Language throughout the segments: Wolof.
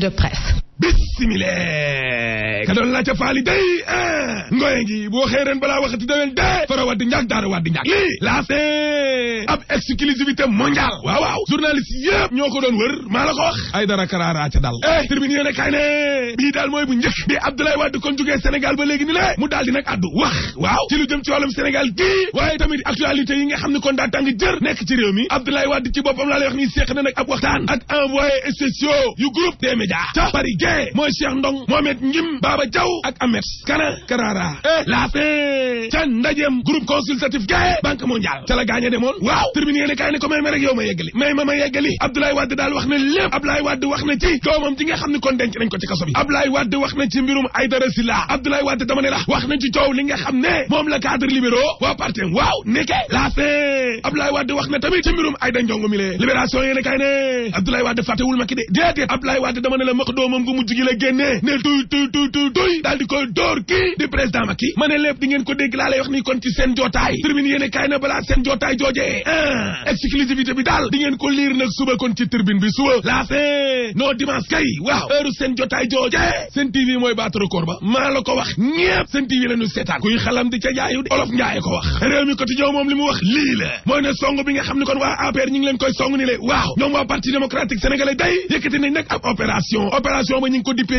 de presse. bisimilee ka doon laajte faali day eh. ngoye ngi boo xëy ren balaa waxati déwén de fara waddi njàk daara waddi njàk lii laas ab exclusivité mondiale waaw waaw journaliste yëpp ñoo ko doon wër maa la ko wax ay dara karaaraa ca dal eh tribune yéene kay bii daal mooy bu njëkk bi Abdoulaye Wade kon jógee Sénégal ba léegi ni la mu daal di nag addu wax waaw ci lu jëm ci wàllum Sénégal gii waaye tamit actualité yi nga xam ne kon daa tàng jër nekk ci réew mi Abdoulaye Wade ci boppam laa lay wax ni seeq na nag ab waxtaan ak envoyé spéciaux yu groupe des médias ca Paris Gueye mooy Cheikh Ndong Mohamed Ngim Baba Diaw ak Ahmed Kana waaw tribune yéen kaay ne ko may ma rek yow ma yeggali may ma ma yeggali Abdoulaye Wade daal wax na lépp Abdoulaye Wade ci doomam ji bi Abdoulaye Wade wax na ci mbirum Aïdara Sylla Abdoulaye Wade dama ne la wax na ci coow li nga xam ne moom la cadre libéraux waa parti waaw nekke laase Abdoulaye Wade wax ne Abdoulaye Wade fàttewul ma ngeen ko dégg laa ci seen jootaay tribune yéen kaay balaa seen jootaay joojee 1 exclusivité bi daal di ngeen ko liir nag suba kon ci tribune bi suba laas non dimanche kay waaw heure seen jotaay jooje seen TV mooy baatu record ba maa la ko wax ñépp seen TV la ñu kuy xalam di ca jaayu olof njaaye ko wax réew mi quotidien moom li mu wax lii la mooy ne song bi nga xam ne kon waa APR ñu leen koy song ni le waaw ñoom waa parti démocratique sénégalais day yëkkati nañ nag ab opération opération ba ñu ngi ko dippee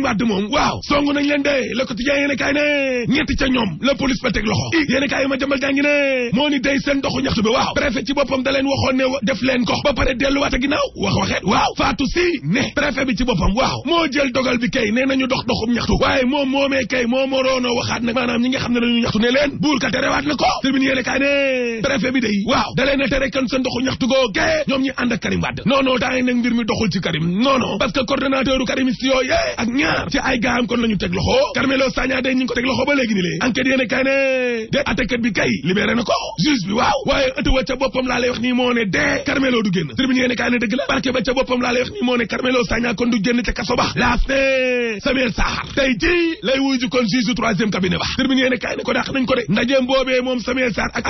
Karim Wade moom waaw songu nañ leen de Le Quotidien yéen a kaay ne ñetti ca ñoom la police ba teg loxo i yéen a kaay ma jëmbal jàngi ne moo ni day seen doxu ñaxtu bi waaw préfet ci boppam da leen waxoon ne def leen ko ba pare delluwaat a ginnaaw wax waxeet waaw Fatou si ne préfet bi ci boppam waaw moo jël dogal bi kay nee nañu dox doxum ñaxtu waaye moom moomee kay moo moroonoo waxaat nag maanaam ñi nga xam ne dañu ñaxtu ne leen buur ka terewaat na ko termine yéen a a ñaar ci ay gaayam kon la ñu teg loxo Carmelo Sagna de ñu teg loxo ba léegi ni lée enquête yéen kay ne de bi kay libéré na ko juge bi waaw waaye ëtt wa boppam laa lay wax nii moo ne du génn tribune yéen kay ne dëgg la parquet boppam laa lay wax nii moo ne kon du génn ca kaso ba laas ne Samuel Sarr tey ji lay wuy ji kon juge troisième cabinet ba tribune yéen kay ne ko dàq nañ ko de ndajeem boobee moom Samuel Sarr ak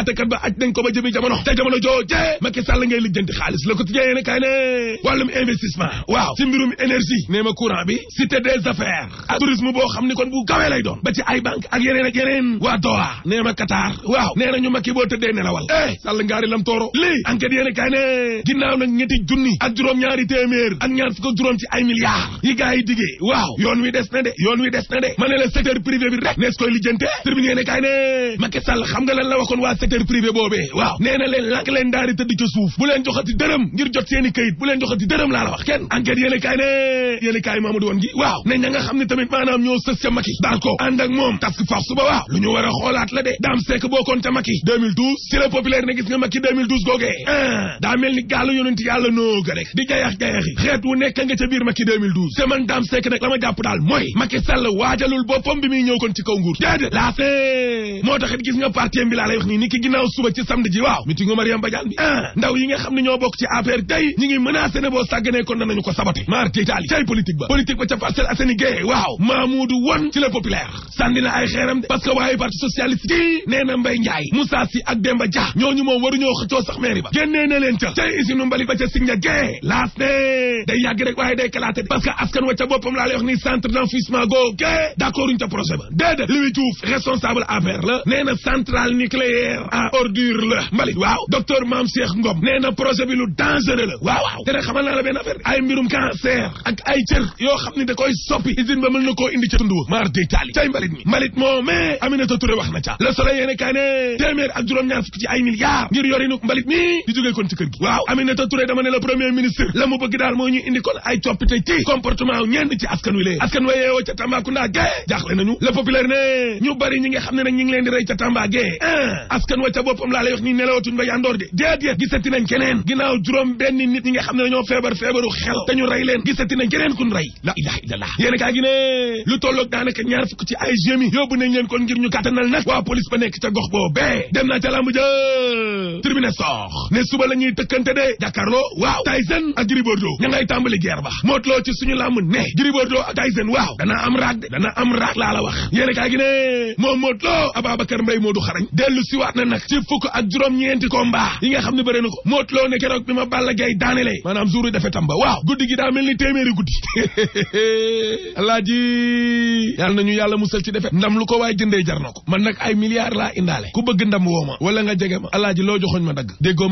des affaires ak tourisme boo xam ni kon bu gawee lay doon ba ci ay banque ak yeneen ak yeneen waa Doha nee ma Qatar waaw nee na ñu makki boo tëddee nelawal eh sàll ngaari lam tooro lii enquête yéen kay ne ginnaaw nag ñetti junni ak juróom-ñaari téeméer ak ñaar fukk ak juróom ci ay milliards yi gars yi digee waaw yoon wi des na de yoon wi des na de ma ne la secteur privé bi rek nees koy lijjante tribune yéen kay ne Macky Sall xam nga lan la waxoon waa secteur privé ne ña xam ne tamit maanaam ñoo sës ca Macky daal ko ànd ak moom task force ba waaw lu ñu war a xoolaat la de daam sekk bokkoon ca Macky 2012 si la populaire ne gis nga Macky 2012 googee ah daa mel ni gaalu yonent nooga rek di gayax-gayaxi xeet wu nekk nga ca biir Macky 2012 te man daam sekk nag la ma jàpp daal mooy Macky Sall waajalul boppam bi muy ñëw kon ci kaw nguur déedéet laas moo taxit gis nga parti bi laa lay wax nii ni ki ginnaaw suba ci samedi ji waaw mitingu Mariam Badiane bi ah ndaw yi nga xam ne ñoo bokk ci APR tey ñi ngi menacé ne boo sàgganee kon danañu ko saboté mar titaali tey politique ba politique ba ca Parcelles Assainies gée waaw Mamoudou won ci le populaire sànni ay xeeram de parce que waaye parti socialiste gii nee na Mbaye Ndiaye Moussa Sy ak Demba Dia ñooñu moom waruñoo xëccoo sax mairie ba génnee na leen nee na centrale nucléaire à ordure la mbalit waaw docteur Mame Cheikh Ngom nee na projet bi lu dangereux la waaw waaw xamal naa la benn affaire ay mbirum cancer ak ay cër yoo xam ni da koy soppi usine ba mën na koo indi ca tund maar de taali mbalit mi mbalit moo na ca le soleil yéene kaay ne téeméer ak juróom-ñaar fukki ci ay milliards ngir yorinu mbalit mi di jógee kon ci kër gi waaw Aminata Touré dama ne la premier ministre la mu bëgg daal moo ñu indi kon ay coppite ci comportement ñenn ci askan wi askan wa yeewoo nga xam ne nag ngi leen gi ca Tamba gee ah. askan wa ca boppam laa lay wax ni nelawatuñ ba yandoor de déedéet gisati nañ keneen ginnaaw juróom benn nit ñi nga xam ne dañoo feebar feebaru xel te ñu rey leen gisati nañ keneen kun rey la ilaha illallah yéen kaa gi ne lu tolloog daanaka ñaar fukk ci ay gémi yóbbu nañ leen kon ngir ñu kàttanal nag waa police ba nekk ca gox boobee dem naa ca lamb ja tribune sox ne suba ne Gris Bordeaux ak Tyson de dana am raag laa la wax yéen kaa gi Babacar Mbaye Modou xarañ dellu siwaat na nag ci fukk ak juróom-ñeenti combat yi nga xam ne bëri na ko Modou Lo ne keroog bi ma Balla Gaye daanelee maanaam jouru dafe tamba waaw guddi gi daa mel ni téeméeri guddi alaaji na ñu yàlla musal ci defet ndam lu ko waaye jëndee jar na ko man nag ay milliards laa indaale ku bëgg ndam woo ma wala nga jege ma alaaji loo joxoñ ma dagg déggoo